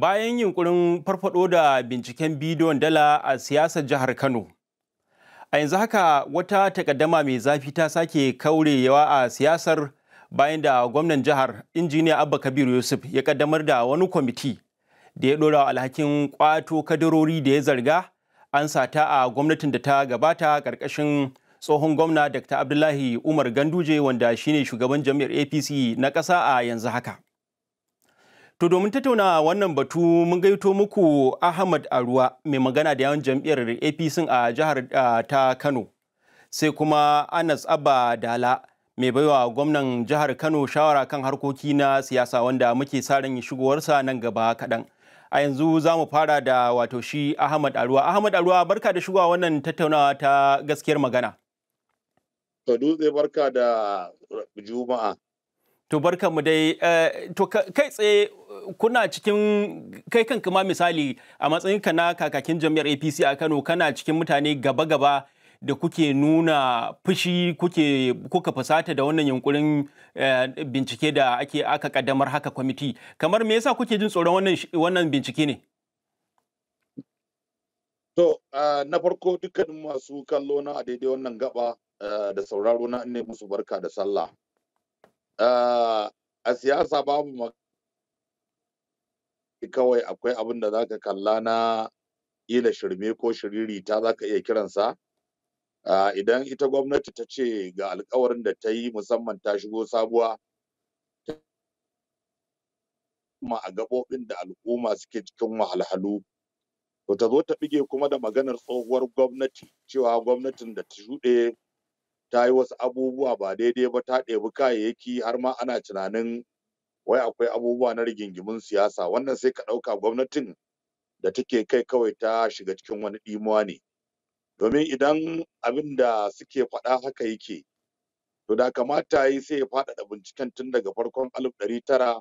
bayan yunkurin farfado da binciken bidiyon dala a siyasar jihar kano a yanzu haka wata takaddama mai zafi ta sake kaurewa a siyasar bayan da gwamnan jihar injiniya abba kabiru yusuf ya kaddamar da wani kwamiti da ya dora alhakin kwato kadarori da ya zarga an sata a gwamnatin da ta gabata karkashin tsohon gwamna dr abdullahi umar ganduje wanda shine shugaban jami'ar apc na ƙasa a yanzu haka To domin tattauna wannan batu mun gaito muku Ahmad Aruwa mai magana da yawan jam'iyyar APC a jihar ta Kano. Sai kuma Anas Abba Dala mai baiwa gwamnan jihar Kano shawara kan harkoki na siyasa wanda muke sa ran shigowarsa nan gaba kaɗan. A yanzu za mu fara da wato shi Ahmad Aruwa. Ahmad Aruwa barka da shigowa wannan tattaunawa ta gaskiyar magana. To dutse barka da Juma'a. To barka mu dai eh, to kai tsaye kuna cikin kai kan ma misali a matsayin na kakakin jami'ar APC a Kano kana cikin mutane gaba-gaba da kuke nuna fushi kuke kuka fusata da wannan yunkurin eh, bincike da ake aka kaddamar haka kwamiti kamar me yasa kuke jin tsoron wannan bincike ne to na farko dukkanin masu kallo na a daidai wannan gaba eh, da sauraro na ne musu barka da sallah Ah, a siyasa babu ma kawai akwai abin da zaka kalla na ila shirme ko shiririta zaka iya kiransa. Ah, idan ita gwamnati ta ce ga alkawarin da ta yi musamman ta shigo sabuwa ma a gaɓoɓin da al'umma suke cikin wahalhalu. To ta zo ta bige kuma da maganar tsohuwar gwamnati cewa gwamnatin da ta shuɗe ta yi wasu abubuwa ba daidai ba ta ɗebi kayayyaki har ma ana tunanin wai akwai abubuwa na rigingimun siyasa wannan sai ka ɗauka gwamnatin da take kai kawai ta shiga cikin wani ɗimuwa ne domin idan abin da suke faɗa haka yake to da kamata yi sai ya faɗaɗa binciken tun daga farkon alif ɗari tara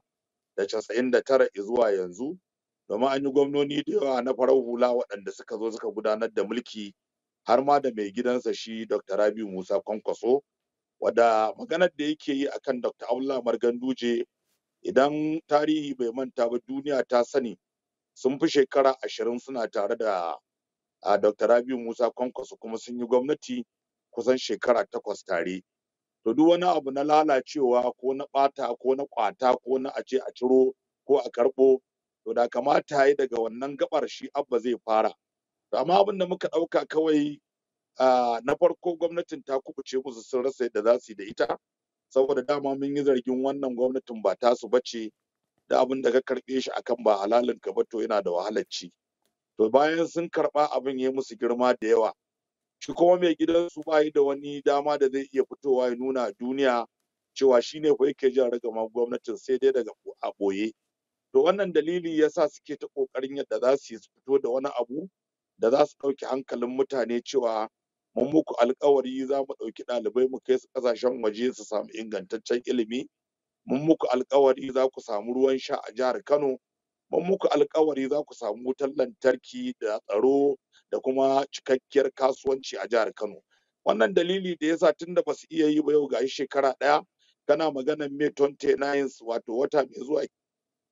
da casa'in da tara zuwa yanzu domin an yi gwamnoni da yawa na farar hula waɗanda suka zo suka gudanar da mulki har ma da mai gidansa shi Dr. Rabi Musa Kwankwaso wada maganar da yake yi a akan Dr. Aula Marganduje idan tarihi bai manta ba duniya ta sani sun fi shekara ashirin suna tare da a Dr. Rabi Musa Kwankwaso kuma sun yi gwamnati kusan shekara takwas tare. To duk wani abu na lalacewa ko na ɓata ko na ƙwata ko na ace a ciro ko a karɓo to da kamata ya daga wannan gabar shi abba zai fara amma abin da muka ɗauka kawai ah, na farko gwamnatin ta kubuce musu sun rasa yadda za su yi da ita saboda dama mun yi zargin wannan gwamnatin ba ta su bace da abin da ka karɓe shi akan ba halalin ka ba to yana da wahalar ci to bayan sun karɓa abin ya musu girma da yawa shi kuma mai su ba da wani dama da zai iya fitowa ya nuna duniya cewa shi ne yake jan ragama gwamnatin sai dai daga a ɓoye to wannan dalili sa suke ta ƙoƙarin yadda za su fito da wani abu da za su ɗauki hankalin mutane cewa mun muku alƙawari za mu ɗauki ɗalibai mu kai su ƙasashen waje su samu ingantaccen ilimi mun muku alƙawari za ku samu ruwan sha a jihar kano mun muku alƙawari za ku samu wutar lantarki da tsaro da kuma cikakkiyar kasuwanci a jihar kano wannan dalili da yasa tun da ba su iya yi ba yau ga shekara ɗaya kana maganar may 29 wato wata mai zuwa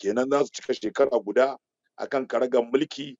kenan za su cika shekara guda akan karagar mulki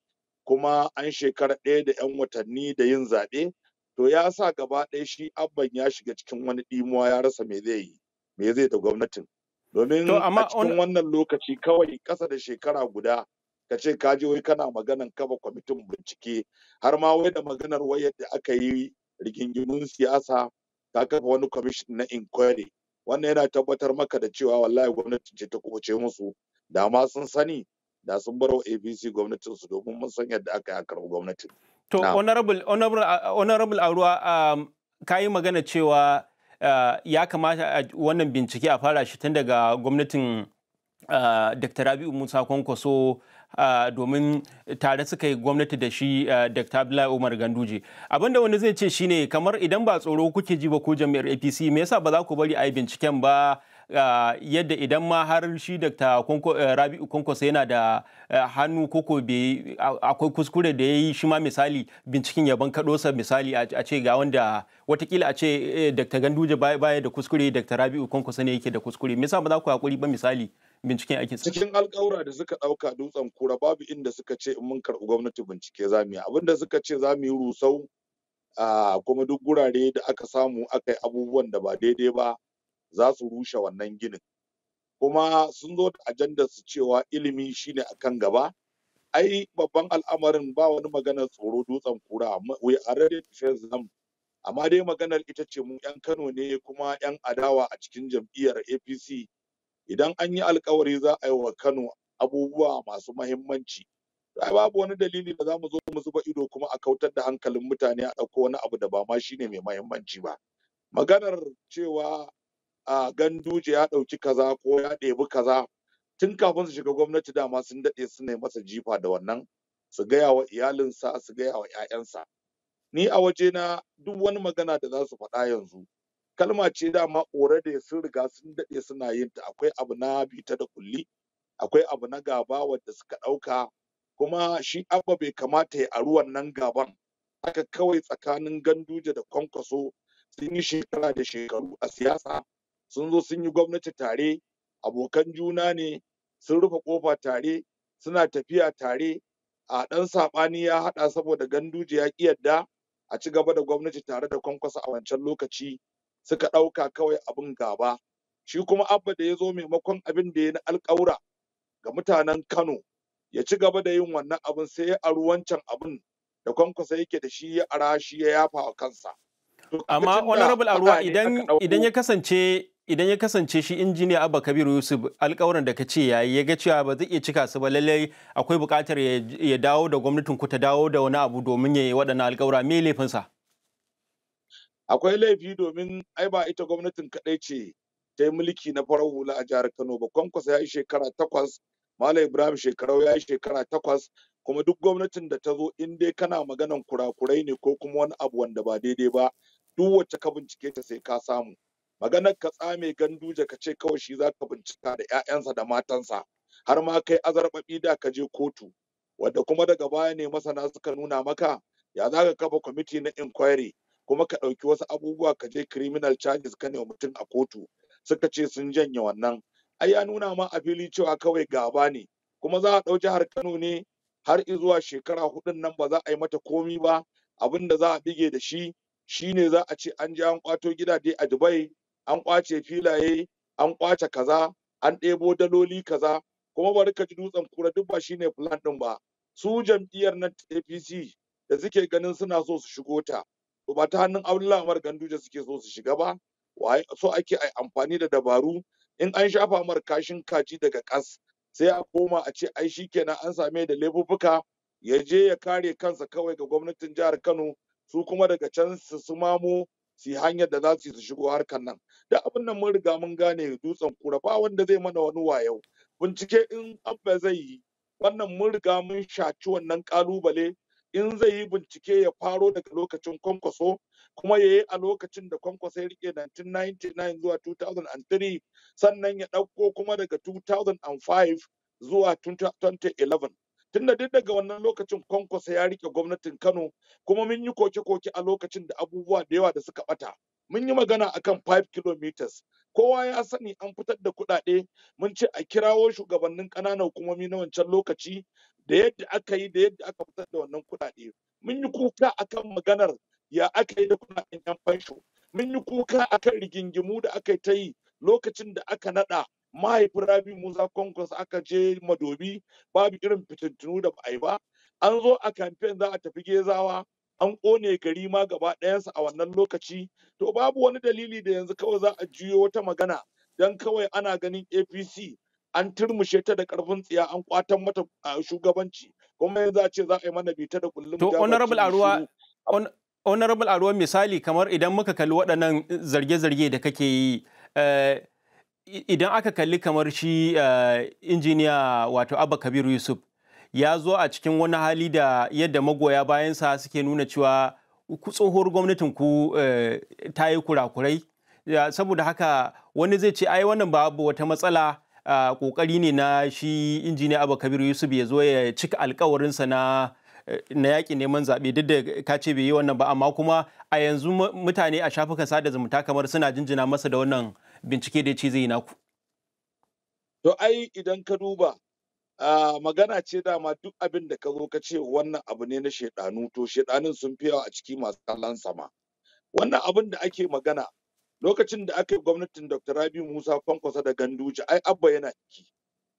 kuma an shekara ɗaya da 'yan watanni da yin zaɓe to ya sa gaba ɗaya shi abban ya shiga cikin wani ɗimuwa ya rasa me zai yi me zai da gwamnatin domin a cikin wannan lokaci kawai ƙasa da shekara guda ka ce ka je wai kana maganan kafa kwamitin bincike har ma wai da maganar wai yadda aka yi rigingimun siyasa ta kafa wani kwamishin na inquiry wannan yana tabbatar maka da cewa wallahi gwamnati ce ta kuce musu da ma sun sani da sun baro apc gwamnatinsu domin mun san yadda aka yi a gwamnatin to honorable aruwa um, ka yi magana cewa uh, ya kamata wannan bincike a fara shi tun daga gwamnatin uh, dr rabi'u musa kwankwaso uh, domin tare suka yi gwamnati da shi Dr. Abdullahi Umar Ganduje. Abin da wani zai ce shine kamar idan ba tsoro kuke ji ba ko jami'ar APC me yasa ba za ku bari a yi binciken ba yadda idan ma har shi Dr. Eh, Rabi'u Kwankwasa yana da eh, hannu koko akwai kuskure da ya yi shi ma misali binciken ya bankaɗosa misali a ce ga wanda watakila a ce eh, Dr. Ganduje baya da kuskure Dr. Rabi'u Kwankwasa ne yake da kuskure. Me yasa ba za ku hakuri ba misali? binciken ake cikin alƙawura da suka dauka dutsen kura babu inda suka ce in mun karɓi gwamnati bincike za mu yi abinda suka ce za mu yi rusau kuma duk gurare da aka samu aka yi abubuwan da ba daidai ba za su rushe wannan ginin kuma sun zo da ajandar su cewa ilimi shine akan gaba ai babban al'amarin ba wani maganar tsoro dutsen kura we already face them amma dai maganar ita ce mu yan Kano ne kuma yan adawa a cikin jam'iyyar APC idan an yi alkawari za a yi wa Kano abubuwa masu mahimmanci ai babu wani dalili da zamu zo mu zuba ido kuma a kautar da hankalin mutane a ɗauko wani abu da ba ma shine mai mahimmanci ba maganar cewa a ganduje ya ɗauki kaza ko ya ɗebi kaza tun kafin su shiga gwamnati dama sun daɗe suna masa jifa da wannan su gaya wa iyalinsa su gaya wa 'ya'yansa ni a waje na duk wani magana da za su faɗa yanzu kalma ce dama da sun riga sun daɗe suna yin ta akwai abu na bita da kulli akwai abu na gaba wadda suka ɗauka kuma shi abba bai kamata ya aru wannan gaban haka kawai tsakanin ganduje da kwankwaso sun yi shekara da shekaru a siyasa sun zo sun yi gwamnati tare abokan juna ne sun rufe kofa tare suna tafiya tare a dan saɓani ya haɗa saboda ganduje ya yadda a ci gaba da gwamnati tare da kwankwasa a wancan lokaci suka ɗauka kawai abin gaba shi kuma abba da ya zo maimakon abin da ya na alƙawura ga mutanen kano ya ci gaba da yin wannan abin sai ya aru wancan abin da kwankwasa yake da shi ya ara shi ya yafa wa kansa amma honorable aruwa idan ya kasance idan ya kasance shi injiniya abba kabiru yusuf alkawarin da ka ce ya ya ga cewa ba zai iya cika su ba lallai akwai buƙatar ya dawo da gwamnatin ku ta dawo da wani abu domin ya yi waɗannan alkawura me laifinsa akwai laifi domin ai ba ita gwamnatin kaɗai ce ta yi mulki na farar hula a jihar kano ba kwankwasa ya yi shekara takwas malam ibrahim shekarau ya yi shekara takwas kuma duk gwamnatin da ta zo in dai kana maganan kurakurai ne ko kuma wani abu wanda ba daidai ba duk wacce ka bincike ta sai ka samu maganar ka tsame ganduje ka ce kawai shi za ka bincika da 'ya'yansa da matansa har ma kai azarbaɓi da ka je kotu wadda kuma daga baya ne masana suka nuna maka ya za ka kafa kwamiti na inquiry kuma ka ɗauki wasu abubuwa ka je criminal charges ka ne mutum a kotu suka ce sun janye wannan ai ya nuna ma a fili cewa kawai gaba ne kuma za a ɗau jihar kano ne har zuwa shekara hudun nan ba za a yi mata komi ba abin da za a bige da shi shine za a ce an ji an kwato gidaje a dubai an kwace filaye an kwace kaza an ɗebo daloli kaza kuma bari ka ji dutsen kura duk ba shine plan ɗin ba su jam'iyyar na APC da suke ganin suna so su shigo ta to ba ta hannun Abdullahi Umar Ganduje suke so su shiga ba so ake ai amfani da dabaru in an shafa mar kashin kaji daga ƙas sai a koma a ce ai shikenan an same da laifuffuka ya je ya kare kansa kawai ga gwamnatin jihar Kano su kuma daga can su mamo su yi hanyar da za su su shigo harkar nan da abin nan mun riga mun gane dutsen kura ba wanda zai mana wani wayo bincike in abba zai yi wannan mun riga mun shaci wannan kalubale in zai yi bincike ya faro daga lokacin kwankwaso kuma ya yi a lokacin da kwankwaso ya rike 1999 zuwa 2003 sannan ya ɗauko kuma daga 2005 zuwa 2011 da duk daga wannan lokacin kwankwasa ya rike gwamnatin kano kuma mun yi koke-koke a lokacin da abubuwa da yawa da suka bata mun yi magana akan 5 kilometers kowa ya sani an fitar da kuɗaɗe mun ce a kirawo shugabannin ƙananan hukumomi na wancan lokaci da yadda aka yi da yadda aka fitar da wannan kuɗaɗe mun yi kuka akan maganar ya aka yi da kuɗaɗen yan fansho mun yi kuka akan rigingimu da aka yi ta yi lokacin da aka naɗa mahaifin rabi musa kwankwas aka je madobi babu irin fitintunu da ba ba an zo a kamfen za a tafi gezawa an ƙone gari ma gaba ɗayansa a wannan lokaci to babu wani dalili da yanzu kawai za a juyo wata magana don kawai ana ganin apc an turmushe ta da karfin tsiya an kwatan mata shugabanci kuma yanzu a ce za a yi mana bita da kullum to honorable aruwa honorable aruwa misali kamar idan muka kalli waɗannan zarge-zarge da kake yi eh, idan aka kalli kamar shi eh, injiniya wato abba kabiru yusuf ya zo a cikin wani hali da yadda magoya bayansa suke nuna cewa tsohuwar gwamnatin ku eh, ta yi kurakurai saboda haka wani zai ce ai wannan babu wata matsala kokari ne na shi injiniya abba kabiru yusuf ya zo ya cika alkawarinsa na eh, na yaƙi neman zaɓe duk da ka ce bai yi wannan ba amma kuma a yanzu mutane a shafukan sada zumunta kamar suna jinjina masa da wannan bincike da ya ce zai yi naku to ai idan ka duba Uh, magana ce dama duk abin da ka zo ka ce wannan abu ne na shaidanu to shaidanun sun fi yawa a ciki masu kallon sama wannan abin da ake magana lokacin da aka yi gwamnatin dr rabi musa Fankwasa da ganduje ai abba yana ciki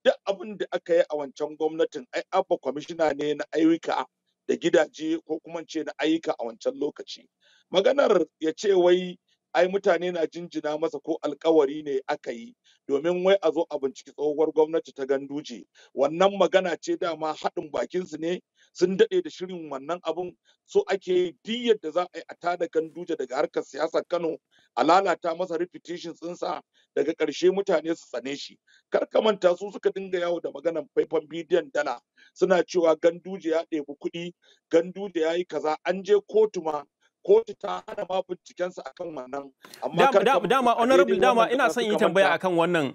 duk abin da aka yi a wancan gwamnatin ai abba kwamishina ne na ayyuka da gidaje ko kuma ce na ayyuka a wancan lokaci maganar ya ce wai ai mutane na jinjina masa ko alkawari ne aka yi domin wai a zo a binciki tsohuwar gwamnati ta ganduje wannan magana ce dama haɗin bakinsu ne sun daɗe da shirin wannan abun so ake yi yadda za a yi a tada ganduje daga harkar siyasar kano a lalata masa repetition tsinsa daga ƙarshe mutane su tsane shi kar ka manta su suka dinga yawo da maganan faifan bidiyon dala suna cewa ganduje ya ɗebi kuɗi ganduje ya yi kaza an je kotu ma kotu ta hana ma bincikensa akan wannan amma dama dama honorable dama ina son yi tambaya akan wannan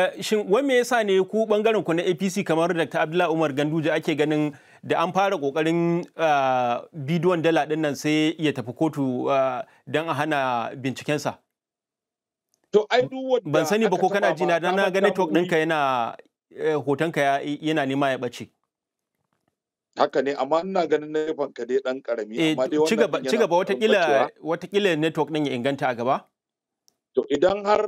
eh, shin wai me yasa ne ku bangaren ku na APC kamar Dr. Abdullahi Umar Ganduje ake ganin da an fara kokarin ah, bidiyon dala din nan sai ya tafi kotu ah, don a hana bincikensa to ai duk ban sani ba ko kana jina dan na ga network ɗinka yana eh, hotonka yana nema ya bace. haka ne amma ina ganin nefan ka dai dan karami eh, amma dai wannan ci gaba watakila watakila network din ya inganta a gaba to idan har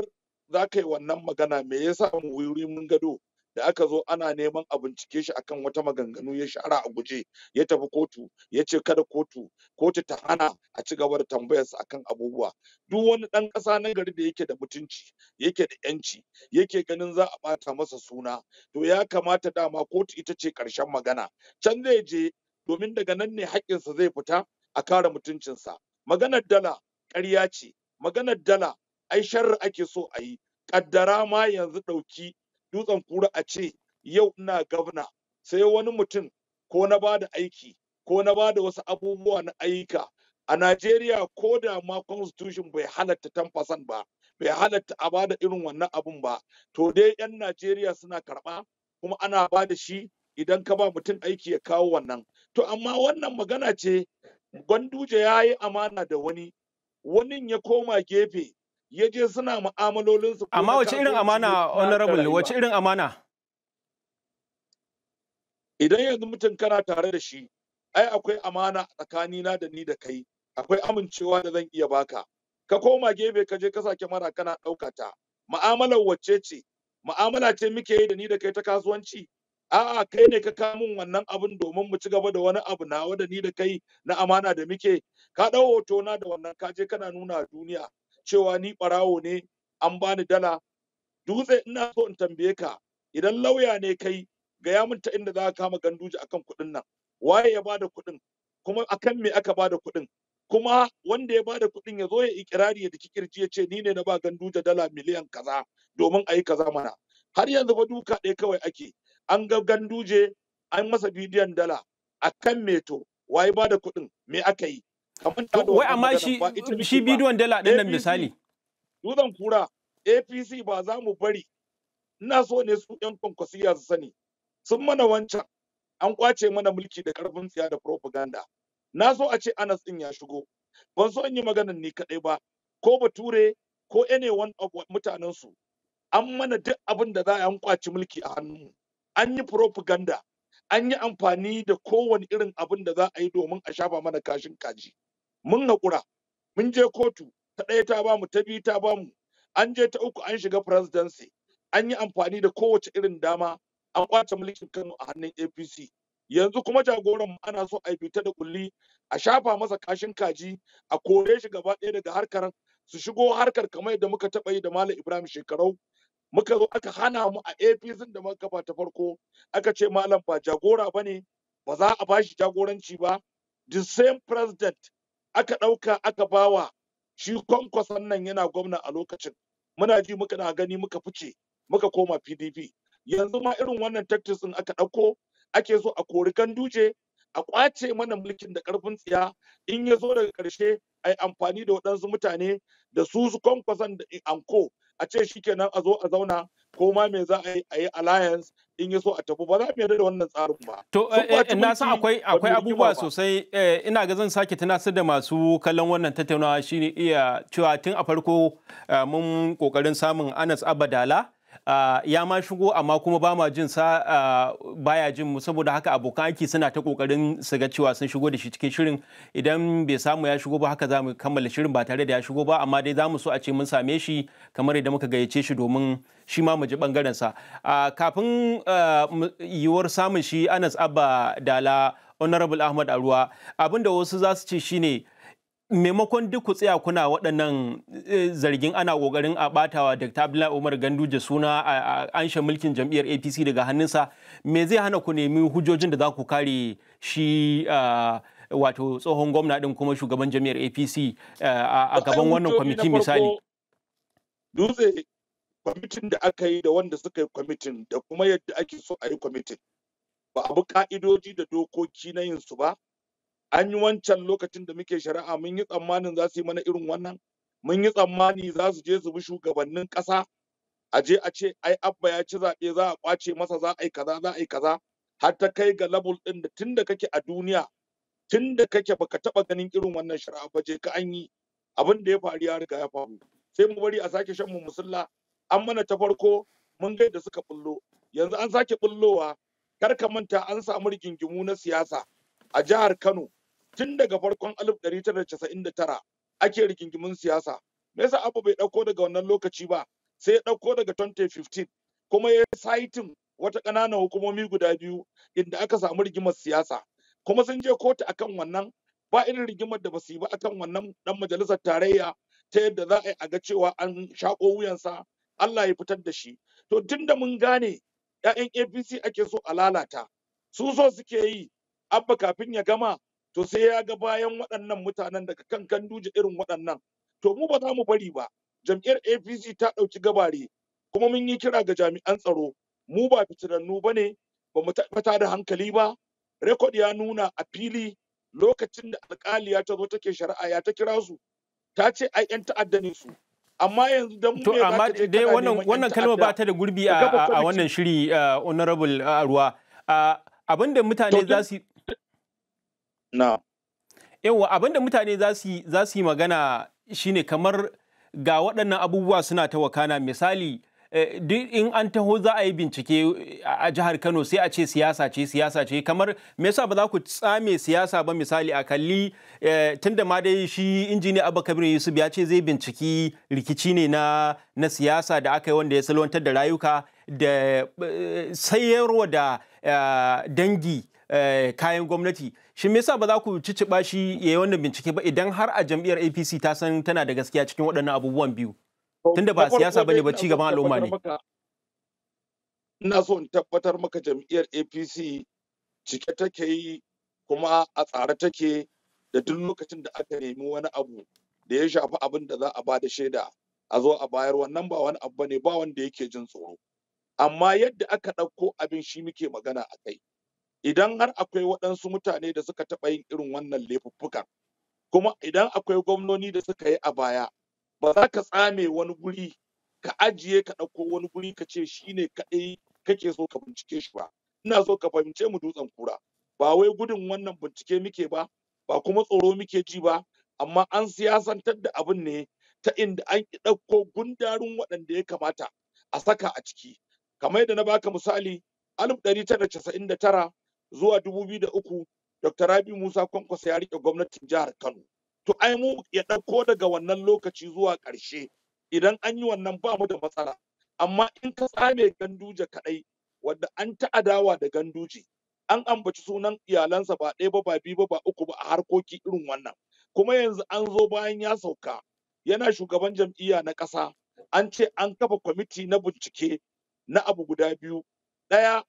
za ka yi wannan magana me yasa mu wuri mun gado da aka zo ana neman a bincike shi akan wata maganganu ya shara a guje ya tafi kotu ya ce kada kotu kotu ta hana a ci gaba da tambayarsa akan abubuwa duk wani ɗan ƙasa na gari da yake da mutunci yake da yanci yake ganin za a ɓata masa suna to ya kamata dama kotu ita ce ƙarshen magana can zai je domin daga nan ne haƙƙinsa zai fita a kare mutuncinsa maganar dala ƙarya ce maganar dala ai sharri ake so a yi ƙaddara ma yanzu ɗauki dutsen kura a ce yau ina gavna sai wani mutum ko na ba da aiki ko na ba da wasu abubuwa na ayyuka a Najeriya ko da ma constitution bai halatta 10% ba bai halatta a ba da irin wannan abun ba to dai 'yan Najeriya suna karɓa kuma ana ba da shi idan ka ba mutum aiki ya kawo wannan to amma wannan magana ce gwanduje ya yi amana da wani wanin ya koma gefe ya je suna mu'amalolinsu. Amma wace irin amana honorable wace irin amana? Idan yanzu mutum kana tare da shi, ai akwai amana tsakanina da ni da kai, akwai amincewa da zan iya baka. Ka koma gefe ka je ka sake mara kana ɗauka ta. Ma'amalar wacce ce? Ma'amala ce muke yi da ni da kai ta kasuwanci? A'a kai ne ka min wannan abin domin mu ci gaba da wani abu na da ni da kai na amana da muke. Ka ɗau hoto na da wannan ka je kana nuna duniya. cewa ni ɓarawo ne an bani dala dutse ina so in tambaye ka idan lauya ne kai gaya ya ta inda za ka kama ganduje akan kuɗin nan waye ya bada kuɗin kuma akan me aka bada kuɗin kuma wanda ya bada kuɗin ya zo ya ikirari ya diki kirji ya ce ni ne na ba ganduje dala miliyan kaza domin a yi kaza mana har yanzu ba duka ɗaya kawai ake an ga ganduje an masa bidiyon dala akan me to waye bada kuɗin me aka yi wai amma shi shi bidiyon dala din nan misali dutsen kura APC ba za mu bari ina so ne su yan kwankwasiya su sani sun mana wancan an kwace mana mulki da karfin tsiya da propaganda na so a ce Anas ɗin ya shigo ban so in yi maganan ni kadai ba ko bature ko any one of mutanen su an mana duk abin da za a an mulki a hannunmu an yi propaganda an yi amfani da kowane irin abin da za a yi domin a shafa mana kashin kaji mun haƙura mun je kotu ta ɗaya ta bamu ta biyu ta bamu an je ta uku an shiga presidency an yi amfani da kowace irin dama an kwace mulkin Kano a hannun APC yanzu kuma jagoran ana so a fita da kulli a shafa masa kashin kaji a kore shi gaba ɗaya daga harkar su shigo harkar kamar yadda muka taɓa yi da Malam Ibrahim shekarau muka zo aka hana mu a APC da muka kafa ta farko aka ce malam ba jagora bane ba za a bashi jagoranci ba the same president aka ɗauka aka bawa shi kwankwason nan yana gwamna a lokacin muna ji muka na gani muka fice muka koma pdp yanzu ma irin wannan tactics din aka ɗauko ake so a kori ganduje a ƙwace mana mulkin da ƙarfin tsiya in ya zo daga ƙarshe a yi amfani da waɗansu mutane da su su kwankwason da anko a ce shi kenan a zo a zauna ko ma me za a yi a yi alliance in ya so a tafi ba za mu yarda da wannan tsarin ba. To eh, eh, na san akwai akwai abubuwa sosai eh, ina ga zan sake tunasar da masu kallon wannan tattaunawa shine iya cewa tun a farko mun kokarin samun Anas Abadala. Ah, ya ma shigo amma kuma ba ma jin sa ah, baya jin mu saboda haka abokan aiki suna ta kokarin su ga cewa sun shigo da shi cikin shirin idan bai samu ya shigo ba haka za mu kammala shirin ba tare da ya shigo ba amma dai za mu so a ce mun same shi kamar idan muka gayyace shi domin shi ma mu ji bangaren sa ah, kafin yiwuwar samun shi Anas Abba Dala Honorable Ahmad Aruwa abinda wasu za su ce shine maimakon duk ku tsaya kuna waɗannan eh, zargin ana ƙoƙarin a ɓatawa Dr. Abdullahi Umar Ganduje suna a anshe mulkin jam'iyyar APC daga hannunsa me zai hana ku nemi hujjojin da za ku kare shi wato tsohon gwamna ɗin kuma shugaban jam'iyyar APC a gaban wannan kwamiti misali. Dutse kwamitin da aka yi da wanda suka yi kwamitin da kuma yadda ake so a yi kwamitin ba abu ka'idoji da dokoki na yin su ba an yi wancan lokacin da muke shari'a mun yi tsammanin za su yi mana irin wannan mun yi tsammani za su je su bi shugabannin ƙasa a je a ce ai abba ya ci zaɓe za a ƙwace masa za a yi kaza za a yi kaza har ta kai ga labul ɗin da tun da kake a duniya tun da kake baka taɓa ganin irin wannan shari'a ba je ka an yi abin da ya faru ya riga ya faru sai mu bari a sake shan mu musulla an mana ta farko mun ga da suka bullo yanzu an sake bullowa kar ka manta an samu rigingimu na siyasa a jihar Kano tun daga farkon alif 1999 ake rigingimin siyasa me yasa abu bai ɗauko daga wannan lokaci ba sai ya ɗauko daga 2015 kuma ya saitin wata ƙananan hukumomi guda biyu inda aka samu rigimar siyasa kuma sun je kotu akan wannan ba irin rigimar da ba su yi ba akan wannan dan majalisar tarayya ta yadda za a yi a ga cewa an shaƙo wuyansa Allah ya fitar da shi to tunda mun gane 'ya'yan APC ake so a lalata su so suke yi abba kafin ya gama to sai ya ga bayan waɗannan mutanen daga kan kanduje irin waɗannan to mu ba za mu bari ba jam'iyyar apc ta ɗauki gabare kuma mun yi kira ga jami'an tsaro mu ba fitirannu ba ne ba mu tabbata da hankali ba rekod ya nuna a fili lokacin da alƙali ta zo take shari'a ya ta kira su ta ce ai yan ta'adda ne su amma yanzu dan mu ne amma dai wannan wannan kalma ba ta da gurbi a wannan shiri uh, honorable uh, ruwa uh, abinda mutane za su na yawa abinda mutane za su yi magana shine kamar ga waɗannan abubuwa suna ta wakana misali eh, duk in an taho za a yi bincike eh, a jihar Kano sai a ce siyasa ce siyasa ce kamar me yasa ba za ku tsame siyasa ba misali a kalli eh, tunda ma dai shi injiniya Abba Kabir Yusuf ya ce zai binciki rikici ne na na siyasa da aka yi wanda ya salwantar da rayuka da sayarwa da dangi Eh, kayan gwamnati shin me yasa ba za ku ciciba shi ya yi wannan bincike ba idan har a jam'iyyar APC ta san tana da gaskiya cikin waɗannan abubuwan biyu tunda ba siyasa bane ba ci al'umma ne ina so in tabbatar maka jam'iyyar APC cike take yi kuma a tsare take da duk lokacin da aka nemi wani abu da ya shafi abin da za a ba da shaida a zo a bayar wannan ba wani abu ne ba wanda yake jin tsoro amma yadda aka ɗauko abin shi muke magana a kai idan har akwai waɗansu mutane da suka taɓa yin irin wannan laifuffukan kuma idan akwai gwamnoni da suka yi a baya ba za ka tsame wani guri ka ajiye ka ɗauko wani guri ka ce shi ne kaɗai kake so ka bincike shi ba ina so ka fahimce mu dutsen kura ba wai gudun wannan bincike muke ba ba kuma tsoro muke ji ba amma an siyasantar da abin ne ta inda an ɗauko gundarun waɗanda ya kamata a saka a ciki kamar yadda na baka misali alif ɗari tara casa'in da tara zuwa uku, Dr. Rabi Musa Kwankwasa ya rike gwamnatin jihar Kano. To ai mu ya ɗauko daga wannan lokaci zuwa ƙarshe idan an yi wannan ba mu da matsala. Amma in ka tsame ganduje kaɗai wadda an ta'adawa da ganduje an ambaci sunan iyalansa ba ɗaya ba ba biyu ba ba uku ba a harkoki irin wannan. Kuma yanzu an zo bayan ya sauka yana shugaban jam'iyya na ƙasa an ce an kafa kwamiti na bincike na abu guda biyu. Ɗaya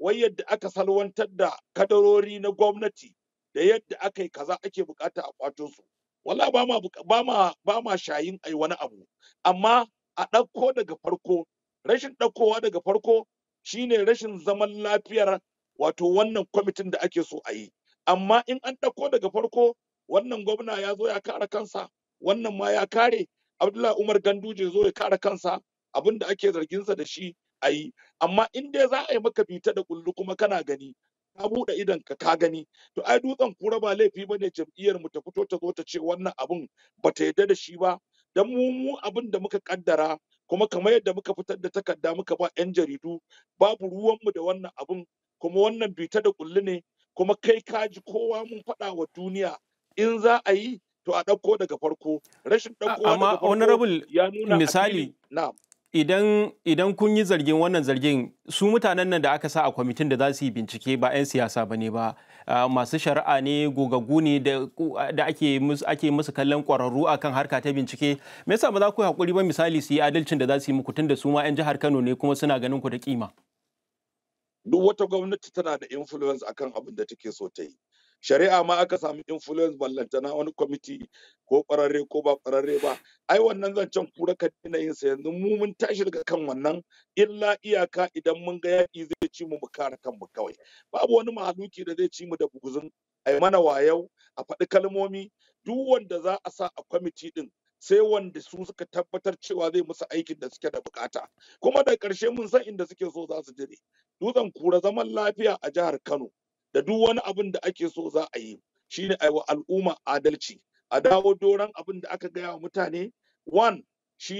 wai yadda aka salwantar da kadarori na gwamnati da yadda aka yi kaza ake bukata a kwato su wala ba ma shayin ai wani abu amma a ɗauko daga farko rashin ɗaukowa daga farko shine rashin zaman lafiyar wato wannan kwamitin da ake so a yi amma in an ɗauko daga farko wannan gwamna ya zo ya kare kansa wannan ma ya kare abdullahi umar ganduje zo ya kare kansa abin da ake zarginsa da shi a yi amma in dai za a yi maka bita da kullu kuma kana gani ka buɗe idon ka ka gani to ai dutsen kura ba laifi bane jam'iyyar mu ta fito ta zo ta ce wannan abun ba ta yadda da shi ba dan mu mu abin da muka kaddara kuma kamar yadda muka fitar da takarda muka ba 'yan jaridu babu ruwan mu da wannan abun kuma wannan bita da kullu ne kuma kai ka ji kowa mun faɗa wa duniya in za a yi to a ɗauko daga farko rashin ɗauko daga farko ya nuna misali na'am idan idan kun yi zargin wannan zargin su mutanen nan da aka sa a kwamitin da za su yi bincike ba 'yan siyasa ba ne ba masu shari'a ne gogaggu ne da ake musu kallon kwararru akan harka ta bincike me yasa ba za ku hakuri ba misali su yi adalcin da za su yi muku tunda su ma 'yan jihar Kano ne kuma suna ganin ku da kima duk wata gwamnati tana da influence akan abin da take so ta yi shari'a ma aka sami influence ballantana wani kwamiti ko ƙwararre ko ba kwararre ba ai wannan zancen kura ka dina yin sa yanzu mu mun tashi daga kan wannan illa iyaka idan mun ga yaƙi zai ci mu mu kare kanmu kawai babu wani mahaluki da zai ci mu da buguzun ai mana wayau a faɗi kalmomi duk wanda za a sa a kwamiti din sai wanda su suka tabbatar cewa zai musu aikin da suke da bukata kuma da ƙarshe mun san inda suke so za su dire dutsen kura zaman lafiya a jihar kano da duk wani abin da ake so za a yi shi ne wa al'umma adalci a dawo doron abin da aka gaya wa mutane one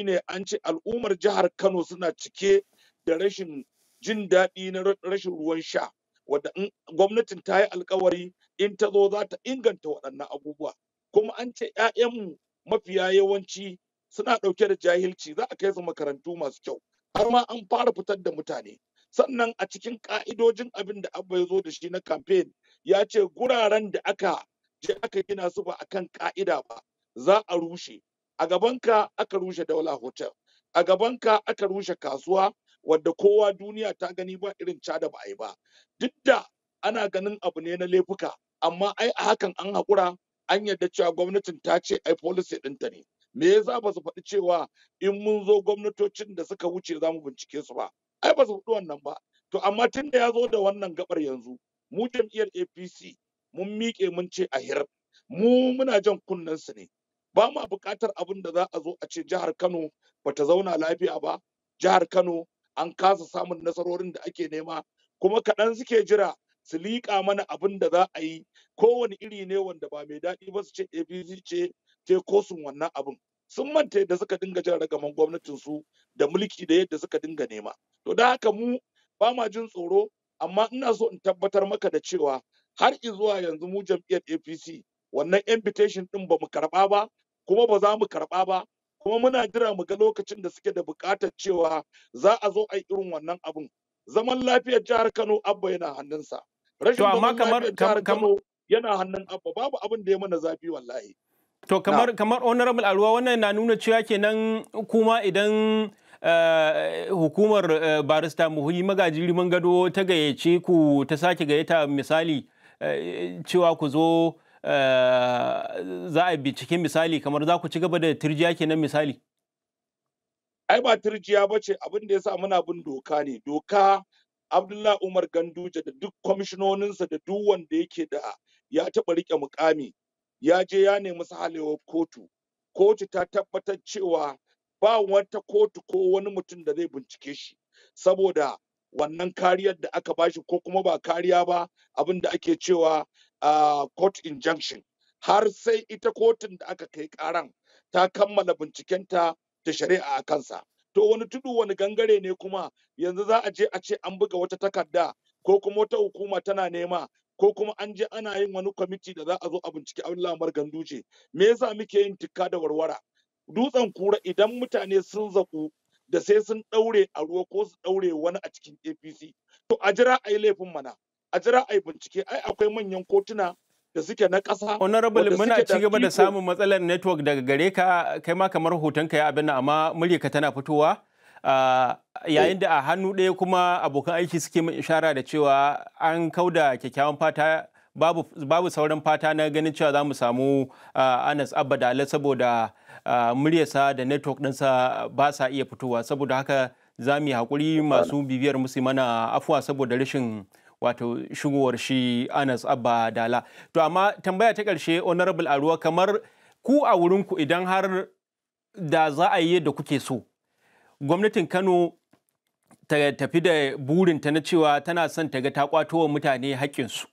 ne an ce al'ummar jihar Kano suna cike da rashin jin daɗi na rashin ruwan sha wadda gwamnatin ta yi alkawari in ta zo za ta inganta waɗannan abubuwa kuma an ce 'ya'yanmu mafiya yawanci suna ɗauke da jahilci za a kai su makarantu masu kyau har ma an fara fitar da mutane sannan a cikin ka'idojin abin da abba ya zo da shi na campaign ya ce guraren da aka je aka gina su ba a kan ka'ida ba za a rushe a gabanka aka rushe daula hotel a gabanka aka rushe kasuwa wadda kowa duniya ta gani ba irin da ba ba duk da ana ganin abu ne na laifuka amma ai a hakan an haƙura an yarda cewa gwamnatin ta ce ai policy ɗinta ne me yasa ba su faɗi cewa in mun zo gwamnatocin da suka wuce za mu bincike su ba ai ba su faɗi wannan ba to amma tun da ya zo da wannan gabar yanzu mu jam'iyyar apc mun miƙe mun ce a hirar mu muna jan kunnen su ne ba ma buƙatar abin da za a zo a ce jihar kano ba ta zauna lafiya ba jihar kano an kasa samun nasarorin da ake nema kuma kaɗan suke jira su liƙa mana abin da za a yi kowane iri ne wanda ba mai daɗi ba su ce apc ce te kosun wannan abin sun manta yadda suka dinga jan ragaman gwamnatinsu da mulki da yadda suka dinga nema to da haka mu ba ma jin tsoro amma ina so in tabbatar maka da cewa har zuwa yanzu mu jam'iyyar APC wannan invitation din ba mu karba ba kuma ba za mu karba ba kuma muna jira mu ga lokacin da suke da buƙatar cewa za a zo a yi irin wannan abun zaman lafiyar jihar Kano abba yana hannunsa rashin amma lafiyar jihar Kano yana hannun abba babu abin da ya mana zafi wallahi To kamar kamar honorable alwa wannan na nuna cewa kenan kuma idan Eh, hukumar eh, barista muhuyi magaji riman gado ta gayyace ku ta sake gayyata misali eh, cewa ku zo za a bincike misali kamar za ku ci gaba da turjiya kenan misali ai ba turjiya ba ce abin da ya sa muna bin doka ne doka abdullah umar ganduje da duk kwamishinoninsa da duk wanda yake da ya taba rike mukami ya je ya nemi sahalewar kotu kotu ta tabbatar cewa ba wata kotu ko wani mutum da zai bincike shi saboda wannan kariyar da aka bashi ko kuma ba kariya ba abin da ake cewa ah, court injunction har sai ita kotun da aka kai karan ta kammala bincikenta ta shari'a a kansa to wani tudu wani gangare ne kuma yanzu za a je a ce an buga wata takarda ko kuma wata hukuma tana nema ko kuma an je ana yin wani kwamiti da za a zo a binciki abin lamar ganduje me yasa muke yin tikka da warwara dutsen kura idan mutane sun zaku da sai sun ɗaure a ruwa ko su ɗaure wani a cikin apc to a jira a yi laifin mana a jira a yi bincike ai akwai manyan kotuna da suke na ƙasa honorable muna ci gaba da samun matsalar network daga gare ka kai ma kamar hoton ka ya abin amma muryarka tana fitowa yayin da a hannu ɗaya kuma abokan aiki suke min ishara da cewa an kauda kyakkyawan fata babu sauran fata na ganin cewa za mu samu anas abba saboda muryarsa da network ɗinsa ba sa iya fitowa saboda haka za mu yi haƙuri masu bibiyar musu mana afuwa saboda rashin wato shigowar shi anas abba dala to amma tambaya ta ƙarshe honorable aruwa kamar ku a wurinku idan har da za a yi yadda kuke so gwamnatin kano ta tafi da burinta na cewa tana son ta ga ta kwato wa mutane haƙƙinsu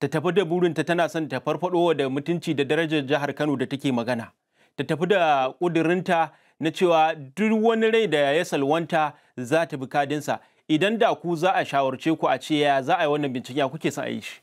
ta tafi da burinta tana son ta farfaɗo da mutunci da darajar jihar kano da take magana ta tafi da ƙudurinta na cewa duk wani rai da ya salwanta za ta bi kadinsa idan da ku za a shawarce ku a ce ya za a yi wannan binciken ya kuke son a yi shi.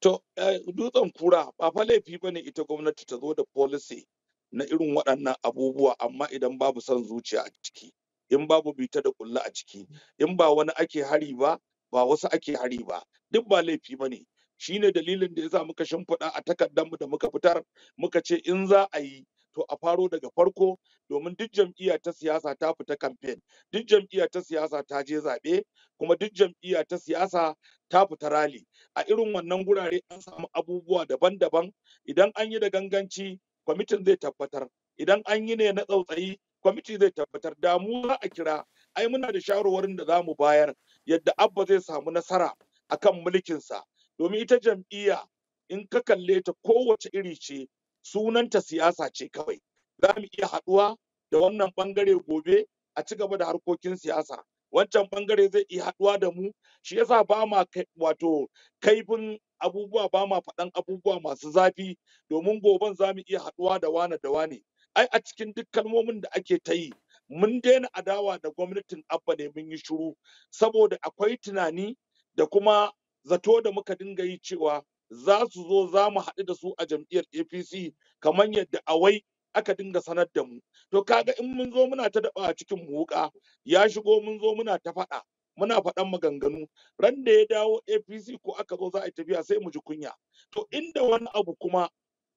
To eh, dutsen kura ba fa laifi ne ita gwamnati ta zo da policy na irin waɗannan abubuwa amma idan babu son zuciya a ciki in babu bita da kulla a ciki in ba wani ake hari ba ba wasu ake hari ba duk ba laifi ba ne. Shi ne dalilin da ya sa muka shimfiɗa a takardar mu da muka fitar muka ce in za a yi to a faro daga farko domin duk jam'iyya ta siyasa ta fita kamfen duk jam'iyya ta siyasa ta je zaɓe kuma duk jam'iyya ta siyasa ta fita rali a irin wannan gurare an samu abubuwa daban-daban idan an yi da ganganci kwamitin zai tabbatar idan an yi ne na tsautsayi kwamiti zai tabbatar damuwa a kira ai muna da shawarwarin da za mu bayar yadda abba zai samu nasara akan mulkinsa domin ita jam'iyya in ka kalle ta kowace iri ce sunanta siyasa ce kawai za mu iya haɗuwa da wannan bangare gobe a ci gaba da harkokin siyasa wancan bangare zai iya haɗuwa da mu shi yasa ba ma wato kaifin abubuwa ba ma faɗan abubuwa masu zafi domin goben za mu iya haɗuwa da wane da wane ai a cikin duk kalmomin da ake ta yi mun daina adawa da gwamnatin abba ne mun yi shiru saboda akwai tunani da kuma zato da muka dinga yi cewa za su zo za mu haɗu da su a jam'iyyar apc kamar yadda awai aka dinga sanar da mu to kaga in mun zo muna ta daɓa cikin wuƙa ya shigo mun zo muna ta faɗa muna faɗan maganganu ran da ya dawo apc ko aka zo za a yi tafiya sai mu ji kunya to inda wani abu kuma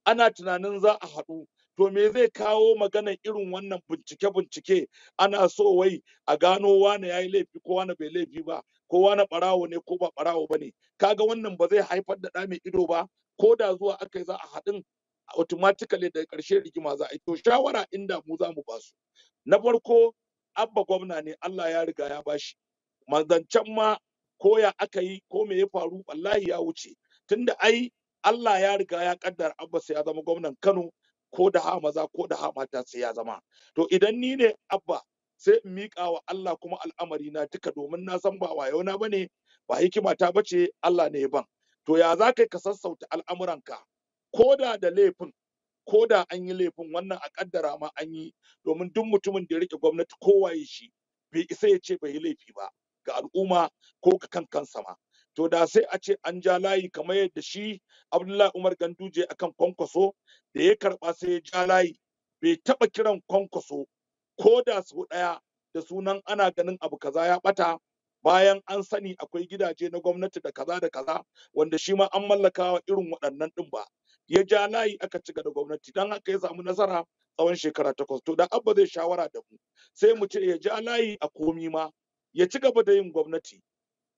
ana tunanin za a haɗu to me zai kawo magana irin wannan bincike-bincike ana so wai a gano wane ya yi laifi ko wane bai laifi ba kowa na barawo ne ko ba barawo ba ne kaga wannan ba zai haifar da ɗa mai ido ba ko da zuwa aka yi za a haɗin automatically da ƙarshe rigima za a yi to shawara inda mu za mu ba su na farko abba gwamna ne Allah ya riga ya bashi manzancen ma ko ya aka yi ko me ya faru wallahi ya wuce tunda ai Allah ya riga ya kaddar abba sai ya zama gwamnan Kano ko da ha maza ko da ha mata sai ya zama to idan ni ne abba sai in miƙa wa Allah kuma al'amari na duka domin na san ba wayona bane ba hikima ta bace Allah ne ban to ya za kai ka sassauta al'amuranka ko da da laifin ko da an yi laifin wannan a kaddara ma an yi domin duk mutumin da ya rike gwamnati kowa ya shi bai isa ya ce bai yi laifi ba ga al'umma ko ga kan kansa ma to da sai a ce an ja layi kamar yadda shi Abdullahi Umar Ganduje akan kwankwaso da ya karba sai ya ja layi bai taba kiran kwankwaso ko da sau ɗaya da sunan ana ganin abu kaza ya ɓata bayan an sani akwai gidaje na gwamnati da kaza da kaza wanda shi ma an mallakawa irin waɗannan ɗin ba ya ja layi aka ci da gwamnati dan haka ya samu nasara tsawon shekara takwas to da abba zai shawara da mu sai mu ce ya ja layi a komi ma ya ci gaba da yin gwamnati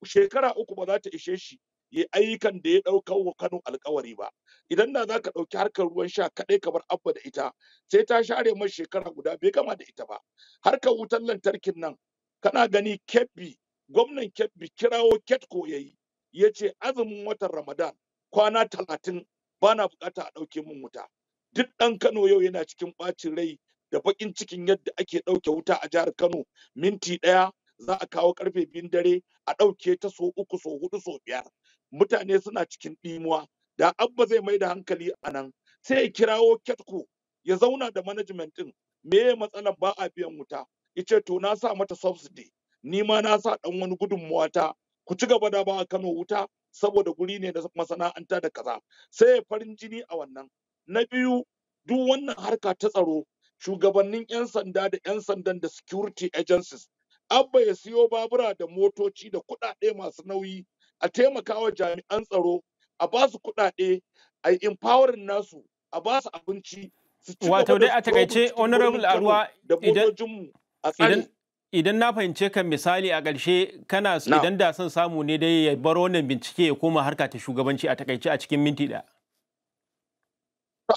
shekara uku ba za ta ishe shi yi ayyukan da ya ɗauka wa Kano alkawari ba idan da ka ɗauki harkar ruwan sha kaɗai kamar abba da ita sai ta share mai shekara guda bai gama da ita ba harkar wutar lantarkin nan kana gani kebbi gwamnan kebbi kirawo ketko ya yi ya ce azumin watan ramadan kwana talatin ba na buƙata a ɗauke min wuta duk ɗan kano yau yana cikin ɓacin rai da baƙin cikin yadda ake ɗauke wuta a jihar kano minti ɗaya za a kawo karfe biyun dare a ɗauke ta so uku so hudu so biyar mutane suna cikin ɗimuwa da abba zai mai da hankali a nan sai ya kirawo ketko ya zauna da management ɗin me ya matsalar ba a biyan wuta ce to na sa mata subsidy ni ma na sa ɗan wani gudunmuwa ta ku ci gaba da ba a Kano wuta saboda guri ne da masana'anta da kaza sai ya farin jini a wannan na biyu duk wannan harka ta tsaro shugabannin 'yan sanda da 'yan sandan da security agencies abba ya siyo babura da motoci da kuɗaɗe masu nauyi a taimakawa jami'an tsaro a ba su kuɗaɗe a yi empowering nasu a ba su abinci wato dai a takaice honorable aruwa idan idan na fahimce kan misali a ƙarshe kana idan da son samu ne dai ya bar wannan bincike ya koma harka ta shugabanci a takaice a cikin minti ɗaya.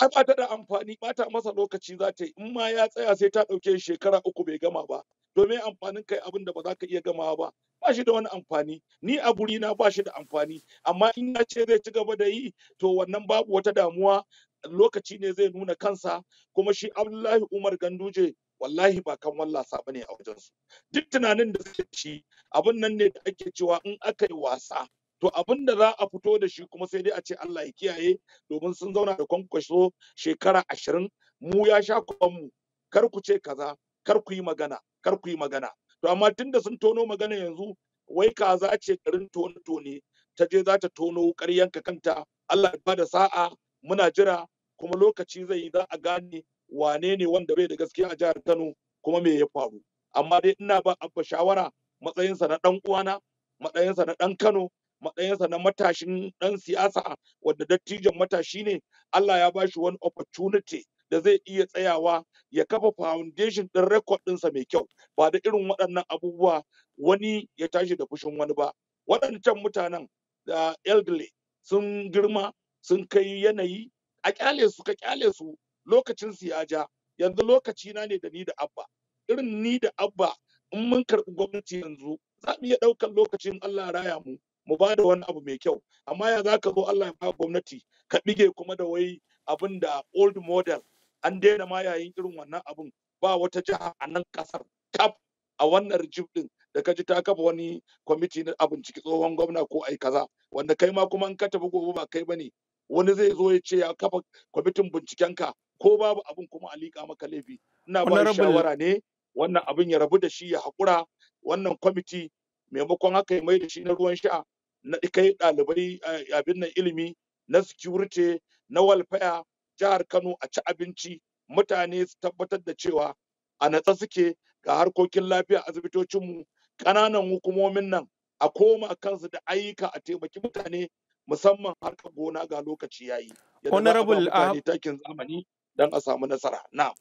Ai ba ta da amfani bata masa lokaci za ta yi in ma ya tsaya sai ta ɗauke shekara uku bai gama ba domin amfanin kai abin da ba za ka iya gamawa ba ba shi da wani amfani ni a guri na ba shi da amfani amma in ya ce zai ci gaba da yi to wannan babu wata damuwa lokaci ne zai nuna kansa kuma shi Abdullahi Umar Ganduje wallahi ba kan wallasa ba ne a wajensu duk tunanin da suke shi abin nan ne da ake cewa in aka yi wasa to abin da za a fito da shi kuma sai dai a ce Allah ya kiyaye domin sun zauna da kwankwaso shekara ashirin mu ya sha mu kar ku ce kaza kar ku yi magana kar ku yi magana to amma tunda sun tono magana yanzu wai kaza ce garin tone tone ta je za ta tono ka kanta Allah ba da sa'a muna jira kuma lokaci zai yi za a gane wane ne wanda bai da gaskiya a jihar Kano kuma me ya faru amma dai ina ba abba shawara matsayinsa na dan uwana matsayinsa na dan Kano matsayinsa na matashin dan siyasa wanda dattijan matashi ne Allah ya ba shi wani opportunity da zai iya tsayawa ya kafa foundation ɗin record ɗinsa mai kyau ba da irin waɗannan abubuwa wani ya tashi da fushin wani ba waɗancan mutanen da elderly sun girma sun kai yanayi a kyale su ka kyale su lokacin su ya ja yanzu lokaci na ne da ni da abba irin ni da abba in mun karɓi gwamnati yanzu za mu iya ɗaukar lokacin Allah raya mu mu ba da wani abu mai kyau amma ya za ka zo Allah ya ba gwamnati ka ɗige kuma da wai abin da old model an daina ma yayin irin wannan abun ba wata jiha a nan kasar kaf a wannan rijib din da ka ji ta kafa wani kwamiti na abin ciki, tsohon gwamna ko ai kaza wanda kai ma kuma in ka tafi gobe ba kai bane wani zai zo ya ce ya kafa kwamitin binciken ka, ko babu abin kuma a liƙa maka laifi ina ba shawara ne wannan abin ya rabu da shi ya haƙura wannan kwamiti maimakon haka ya mai da shi na ruwan sha na kai ɗalibai eh, abin nan ilimi na security na walfaya jihar Kano a ci abinci mutane su tabbatar da cewa a natsa suke ga harkokin lafiya asibitocinmu ƙananan hukumomin nan a koma kansu da ayyuka a taimaki mutane musamman harkar gona ga lokaci yayi. Honorable ah, takin zamani don a samu nasara. Na'am.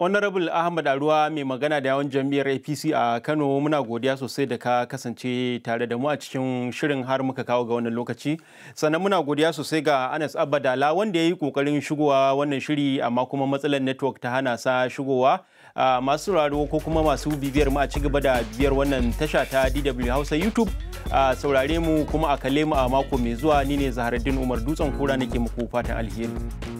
honorable ahmad aruwa mai magana da yawon jam'iyyar apc a kano muna godiya sosai da ka kasance tare da mu a cikin shirin har muka kawo ga wannan lokaci sannan muna godiya sosai ga anas abadala wanda ya yi kokarin shigowa wannan shiri amma kuma matsalar network ta hana sa shigowa masu sauraro ko kuma masu bibiyar mu a ci gaba da biyar wannan tasha ta dw hausa youtube a saurare mu kuma a kalle mu a mako mai zuwa ni ne zaharaddin umar dutsen kura nake muku fatan alheri